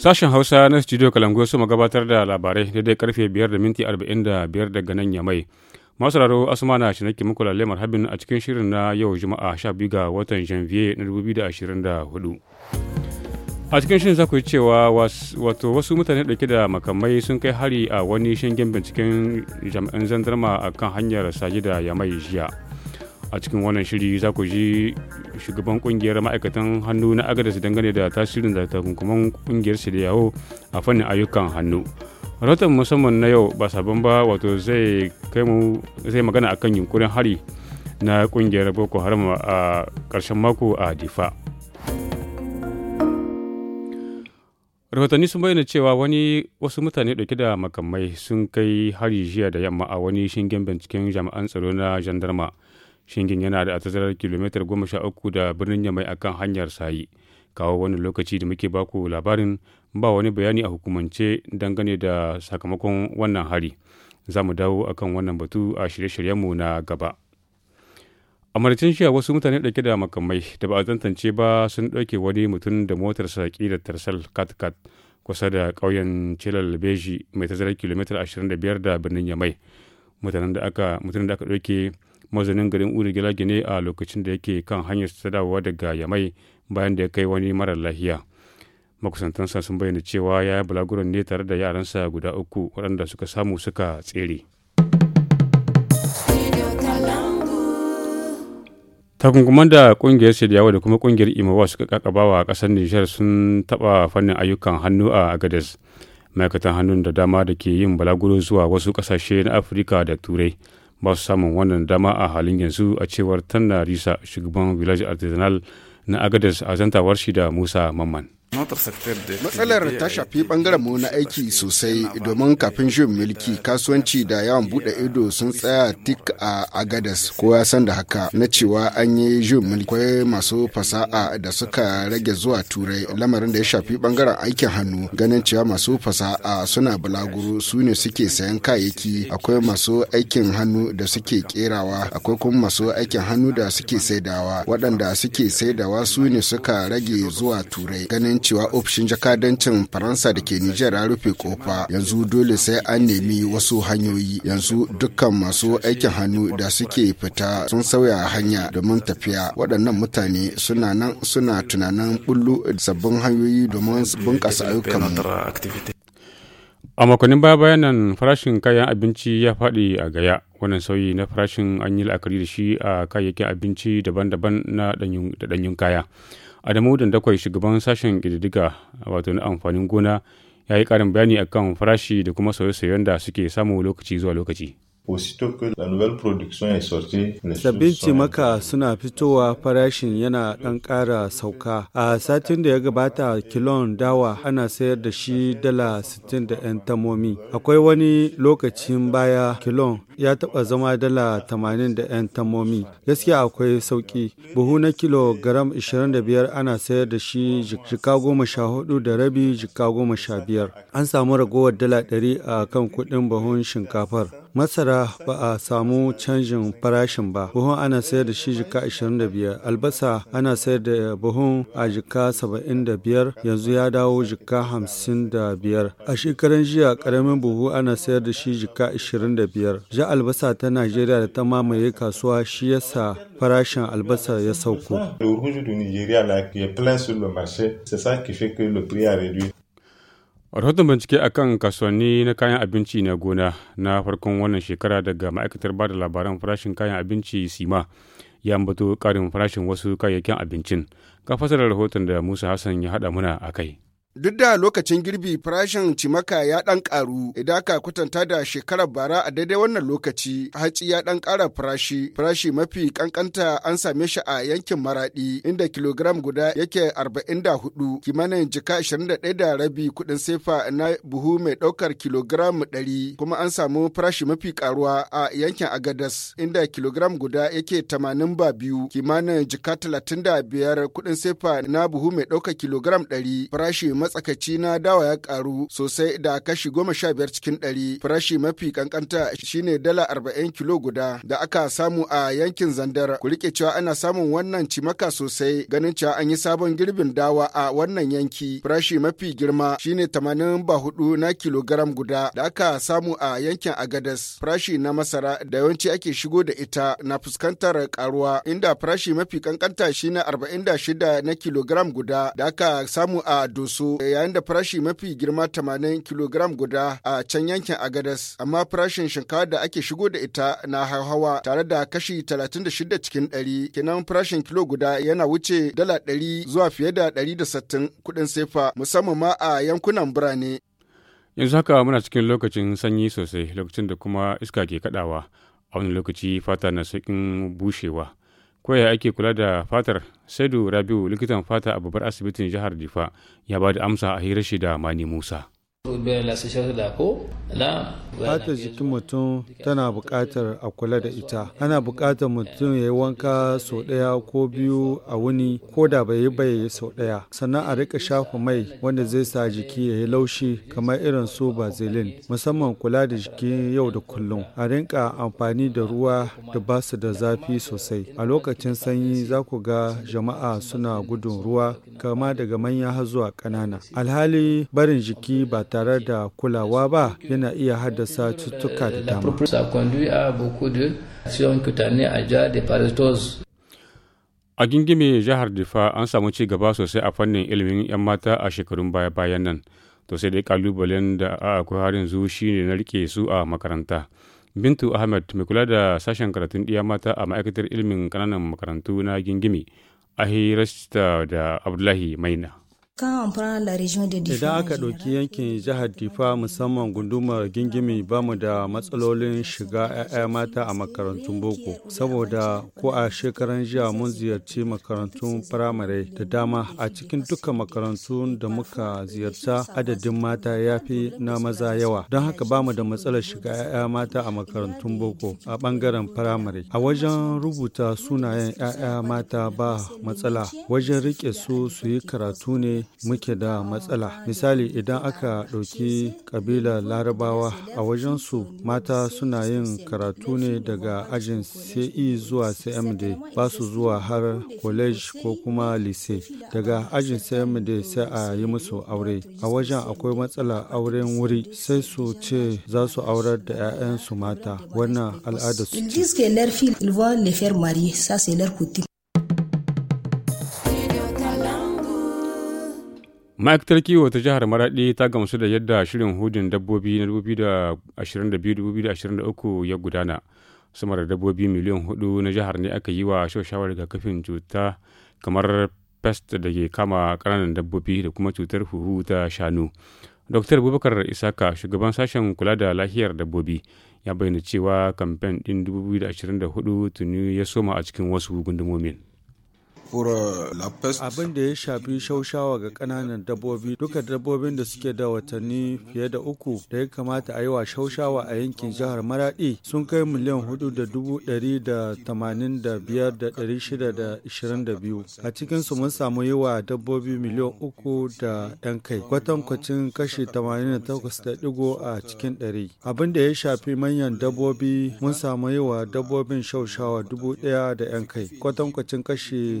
Sashen Hausa na Studio kalangu su gabatar da labarai daidai karfe 5 da minti 45 daga nan yamai. Masu raro Asmana shi nake muku lalle marhabin a cikin shirin na yau Juma'a 12 ga watan Janvier na 2024. A cikin shirin za ku yi cewa wato wasu mutane ɗauke da makamai sun kai hari a wani shingen binciken jami'an zandarma a kan hanyar Sajida da mai jiya. a cikin wannan shiri za ku ji shugaban kungiyar ma'aikatan hannu na agadas dangane da tasirin da takunkuman kungiyar yawo a fannin ayyukan hannu rahoton musamman na yau ba sabon ba wato zai magana akan yunkurin hari na kungiyar boko haram a ƙarshen mako a difa rahotanni sun bayyana cewa wani wasu mutane dauke da makamai sun kai hari jiya da yamma a wani shingen binciken jami'an tsaro na jandarma shingen yana da tazarar kilomita goma sha uku da birnin yamai akan hanyar sayi kawo wani lokaci da muke baku labarin ba wani bayani a hukumance dangane da sakamakon wannan hari za mu dawo akan wannan batu a shirye-shiryenmu na gaba a maricin shi wasu mutane ɗauke da makamai da ba a tantance ba sun ɗauke wani mutum da motarsa da tarsal katkat kusa da ƙauyen cilal beji mai tazarar kilomita 25 da birnin yamai mutanen da aka ɗauke mazanin garin uri gila ne a lokacin da yake kan hanyar ta dawowa daga yamai bayan da ya kai wani marar lahiya makusantansa sun bayyana cewa ya yi bulaguron ne tare da yaransa guda uku waɗanda suka samu suka tsere takunkuman da kungiyar shirya da kuma kungiyar imawa suka kakabawa a kasar nijar sun taba fannin ayyukan hannu a agades ma'aikatan hannun da dama da ke yin balaguro zuwa wasu kasashe na afirka da turai ba su samun wannan dama a halin yanzu a cewar tanna risa shugaban village artisanal na agadas a zantawar shi da musa mamman matsalar ta shafi bangaren mu na aiki sosai domin kafin shirin mulki kasuwanci da yawan bude ido sun tsaya tik a agadas ko ya san da haka na cewa an yi juyin mulki masu fasaha da suka rage zuwa turai lamarin da ya shafi bangaren aikin hannu ganin cewa masu fasaha suna bulaguro su ne suke sayan kayayyaki akwai masu aikin hannu da suke kerawa akwai kuma masu aikin hannu da suke saidawa waɗanda suke saidawa su ne suka rage zuwa turai ganin cewa ofishin jakadancin Faransa da ke Nijar ya rufe kofa yanzu dole sai an nemi wasu hanyoyi yanzu dukkan masu aikin hannu da suke fita sun sauya hanya domin tafiya waɗannan mutane suna nan suna tunanin bullo sabbin hanyoyi domin bunƙasa ayyukan a makonin baya bayanan farashin kayan abinci ya faɗi a gaya wannan sauyi na farashin an yi la'akari da shi a kayayyakin abinci daban-daban na ɗanyun kaya Adamu Dandakwai shugaban sashen ƙididdiga wato na amfanin gona ya yi ƙarin bayani akan farashi da kuma sauye-sauyen da suke samu lokaci zuwa lokaci. Sabbin cimaka suna fitowa farashin yana ɗan ƙara sauka. A satin da ya gabata kilon dawa ana sayar da shi dala 60 da 'yan tamomi. Akwai wani lokacin baya kilon ya taɓa zama dala 80 da 'yan tamomi. Gaskiya akwai sauƙi. Buhu na kilo garam 25 ana sayar da shi jika goma sha hudu da rabi jika goma sha biyar. An samu ragowar dala 100 a kan kuɗin buhun shinkafar. Masara ba a samu canjin farashin ba buhun ana sayar da shi jika 25 albasa ana sayar da buhun a jika 75 yanzu ya dawo jika 55 a shekaran jiya karamin buhu ana sayar da shi jika 25 ja albasa ta najeriya da ta mamaye kasuwa shi yasa farashin albasa ya sauko rahoton bincike akan kasuwanni na kayan abinci na gona na farkon wannan shekara daga ma'aikatar bada labaran farashin kayan abinci sima ya ambato karin farashin wasu kayayyakin abincin ka fasara rahoton da musa hassan ya haɗa muna a kai Duk da lokacin girbi farashin cimaka ya ɗan ƙaru idan aka kwatanta da shekarar bara a daidai wannan lokaci hatsi ya ɗan ƙara farashi farashi mafi ƙanƙanta an same shi a yankin maraɗi inda kilogram guda yake 44 kimanin jika 21 da rabi kuɗin sefa na buhu mai ɗaukar kilogram 100 kuma an samu farashi mafi ƙaruwa a yankin agadas inda kilogram guda yake 80 ba biyu kimanin jika 35 kuɗin sefa na buhu mai ɗaukar kilogram 100 farashi matsakaci na dawa ya karu sosai da kashi goma sha biyar cikin ɗari. Farashi mafi kankanta shine dala arba'in kilo guda da aka samu a yankin Zandar. Ku rike cewa ana samun wannan cimaka sosai ganin cewa an yi sabon girbin dawa a wannan yanki. Farashi mafi girma shine tamanin ba hudu na kilogram guda da aka samu a yankin Agadas. Farashi na masara da yawanci ake shigo da ita na fuskantar karuwa inda farashi mafi kankanta shine arba'in da shida na kilogram guda da aka samu a Doso yayin da farashi mafi girma 80 kilogram guda a can yankin Agadas amma farashin shinkafa da ake shigo da ita na hawa tare da kashi 36 cikin 100 kinan farashin kilo guda yana wuce dala 100 zuwa fiye da 160 kuɗin sefa musamman ma a yankunan birane. Yanzu haka muna cikin lokacin sanyi sosai lokacin da kuma iska ke kadawa a wani lokaci fata na sauƙin bushewa. ko ya ake kula da fatar saidu rabiu likitan fata a babbar asibitin jihar difa ya ba da amsa a hirar shi da mani musa fatar jikin mutum tana buƙatar a kula da ita ana buƙatar mutum ya yi wanka sau ɗaya ko biyu a wuni ko da bai yi bai sau ɗaya sannan a rika shafa mai wanda zai sa jiki ya yi laushi kamar irin su bazilin musamman kula da jiki yau da kullum a rinka amfani da ruwa da ba su da zafi sosai a lokacin sanyi za ku ga jama'a suna gudun ruwa kama daga manya har zuwa ƙanana alhali barin jiki ba tare da kulawa ba yana iya haddasa haddasa cututtuka da dama. A gingime jihar Difa an samu ci gaba sosai a fannin ilimin 'yan mata a shekarun baya-bayan nan. To sai dai kalubalen da a akwai har yanzu ne na rike su a makaranta. Bintu Ahmed mai kula da sashen karatun ɗiya mata a ma'aikatar ilimin kananan makarantu na gingimi a da Abdullahi Maina. Idan aka ɗauki yankin jihar Difa musamman gundumar gingimi ba mu da matsalolin shiga 'ya'ya mata a makarantun boko saboda ko a shekaran jiya mun ziyarci makarantun firamare da dama a cikin dukkan makarantun da muka ziyarta adadin mata ya fi na maza yawa don haka ba mu da matsalar shiga 'ya'ya mata a makarantun boko a ɓangaren firamare a wajen rubuta sunayen 'ya'ya mata ba matsala wajen riƙe su su yi karatu ne muke da matsala. Misali idan aka ɗauki ƙabilar larabawa a wajensu mata suna yin karatu ne daga ajin CE zuwa CMD ba su zuwa har college ko kuma lise. Daga ajin CMD sai a yi musu aure. A wajen akwai matsala auren wuri sai su ce za su aurar da 'ya'yansu mata. Wannan al'ada su ce. ma'aikatar kiwo ta jihar maradi ta gamsu da yadda shirin hudun dabbobi na 2022-2023 ya gudana sama da dabbobi miliyan hudu na jihar ne aka yi wa shawarar kafin cuta kamar pest da ke kama kananan dabbobi da kuma cutar huhu ta shanu dr bubakar isaka shugaban sashen kula da lahiyar dabbobi ya bayyana cewa kamfen din 2024 tuni ya soma a cikin wasu gundumomin abin da ya shafi shaushawa ga kananan dabbobi duka dabbobin da suke da watanni fiye da uku da ya kamata a yi wa shaushawa a yankin jihar maradi sun kai miliyan hudu da dubu ɗari da tamanin da biyar da ɗari shida da ishirin da biyu a cikinsu mun samu yi wa dabbobi miliyan uku da yan kai kwatankwacin kashi tamanin da takwas da ɗigo a cikin ɗari abin da ya shafi manyan dabbobi mun samu yi wa dabbobin shaushawa dubu ɗaya da yan kai kwatankwacin kashi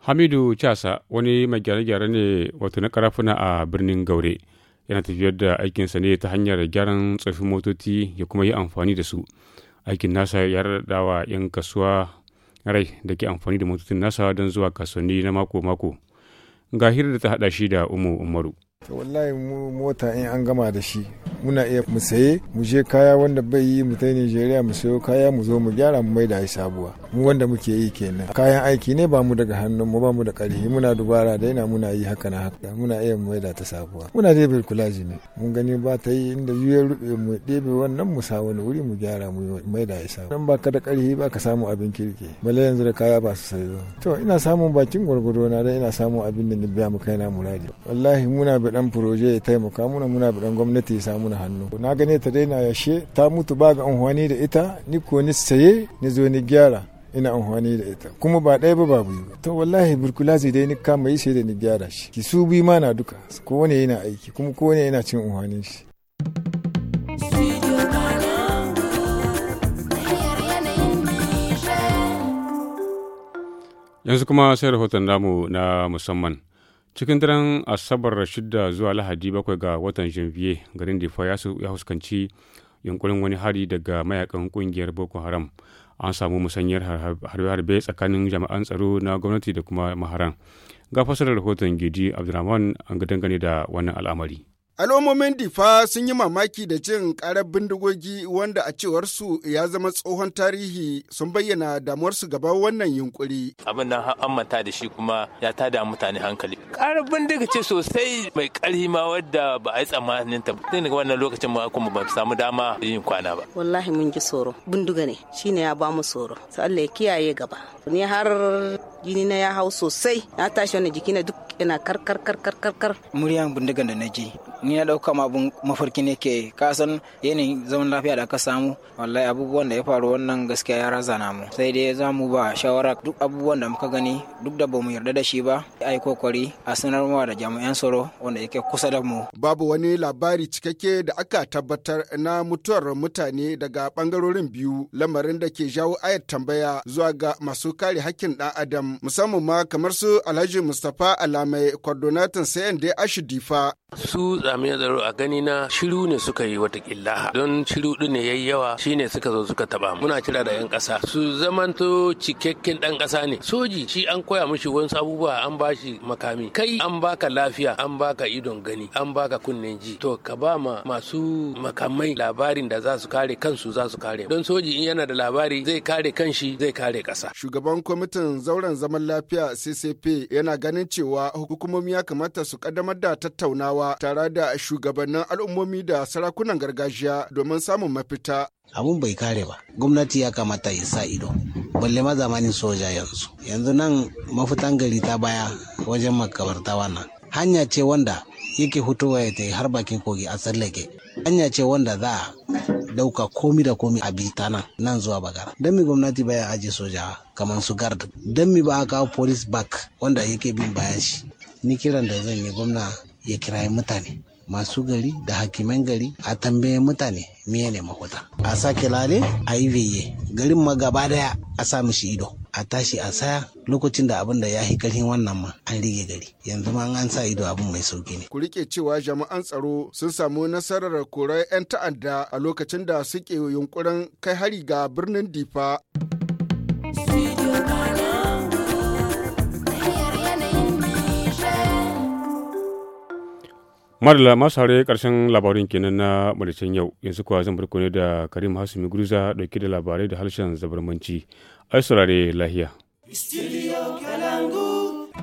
Hamidu Casa wani mai gyare-gyare ne wato na karafuna a birnin Gaure. Yana tafiyar da aikinsa ne ta hanyar gyaran tsofin motoci ya kuma yi amfani da su. Aikin nasa ya wa 'yan kasuwa rai da ke amfani da motocin nasa don zuwa kasuwanni na mako-mako. Ga da ta hada shi da Umu Umaru. wallahi mu mota in an gama da shi muna iya mu saye mu je kaya wanda bai yi mu ta Nigeria mu sayo kaya mu zo mu gyara mu mai da sabuwa mu wanda muke yi kenan kayan aiki ne ba mu daga hannun mu ba mu da ƙarfi muna dubara da yana muna yi haka na haka muna iya mu da ta sabuwa muna dai kulaji ne mun gani ba ta yi inda ya rube mu ɗebe wannan mu sa wani wuri mu gyara mu mai da isa dan ba ka da ƙarfi baka ka samu abin kirki balle yanzu da kaya ba su sayo to ina samun bakin gwargwado na dan ina samun abin da ni biya mu kaina muradi wallahi muna bi dan proje ya taimaka muna muna bi dan gwamnati ya samu na hannu na gane ta daina yashe ta mutu ba ga da ita ni ko ni saye ni zo ni gyara ina amfani da ita kuma ba ɗaya ba ba yi to wallahi burkulazi dai ni kama yi sai da ni gyara shi ki su bi ma na duka kowane yana aiki kuma kowane yana cin amfani shi yanzu kuma sai rahoton namu na musamman cikin daren asabar shida zuwa lahadi bakwai ga watan janvier garin difa ya fuskanci yunkurin wani hari daga mayakan kungiyar boko haram an samu musanyar harbe-harbe tsakanin jami'an tsaro na gwamnati da kuma maharan ga fasarar rahoton gidi abdulrahman an dangane da wannan al'amari Al'ummomin Difa sun yi mamaki da jin karar bindigogi wanda a cewarsu ya zama tsohon tarihi sun bayyana damuwarsu gaba wannan yunkuri. Abin nan an da shi kuma ya ta da mutane hankali. Ƙarar bindiga ce sosai mai ƙarfi ma wadda ba a yi tsammanin ta. Tun daga wannan lokacin ma kuma ba samu dama yin kwana ba. Wallahi mun ji tsoro. Bindiga ne Shi ne ya ba mu tsoro. ya kiyaye gaba. Ni har jini na ya hau sosai. Na tashi wani jiki na duk yana karkar karkar karkar. Muryan bindigan da na ji ni na dauka ma abun mafarki ne ke kasan san yanayin zaman lafiya da ka samu wallahi abubuwan da ya faru wannan gaskiya ya razana mu sai dai za mu ba shawara duk abubuwan da muka gani duk da bamu yarda da shi ba ai kokari a sanarwa da jami'an tsaro wanda yake kusa da mu babu wani labari cikakke da aka tabbatar na mutuwar mutane daga bangarorin biyu lamarin da ke jawo ayar tambaya zuwa ga masu kare hakkin dan adam musamman ma kamar su alhaji mustapha alamai coordinator cnd ashidifa su amin zaro a gani na shiru ne suka yi watakila don shiru din ne yayi yawa shine suka zo suka taba muna kira da yan kasa su zamanto cikakken dan kasa ne soji shi an koya mushi wasu abubuwa an bashi makami kai an baka lafiya an baka idon gani an baka kunnen ji to ka ba ma masu makamai labarin da za su kare kansu za su kare don soji in yana da labari zai kare kanshi zai kare kasa shugaban kwamitin zauren zaman lafiya ccp yana ganin cewa hukumomi ya kamata su kaddamar da tattaunawa tare da da shugabannin al'ummomi da sarakunan gargajiya domin samun mafita. Abun bai kare ba, gwamnati ya kamata ya sa ido, balle ma zamanin soja yanzu. Yanzu nan mafitan gari ta baya wajen makabarta wannan. Hanya ce wanda yake hutowa ya ta har bakin kogi a tsallake. Hanya ce wanda za a dauka komi da komi a bita nan nan zuwa bagara don mi gwamnati baya aje soja kamar su gard don mi ba a kawo police back wanda yake bin bayan shi ni kiran da zan yi gwamna ya kira mutane masu gari da hakiman gari a tambaye mutane miye ne mahuta a sake lale a yi veye garin ma gaba daya a sa mishi ido a tashi a saya lokacin da abin da ya yi karfin wannan ma an rige gari yanzu ma an sa ido abin mai sauki ne. ku rike cewa jama'an tsaro sun samu nasarar korar 'yan ta'adda a lokacin da suke yunkurin kai hari ga birnin difa. Marla masu haure karshen labarin kenan na malicin yau yanzu kuwa zan farko ne da Karim Hasumi Guruza dauke da labarai da harshen zabarmanci. Ai saurare lahiya.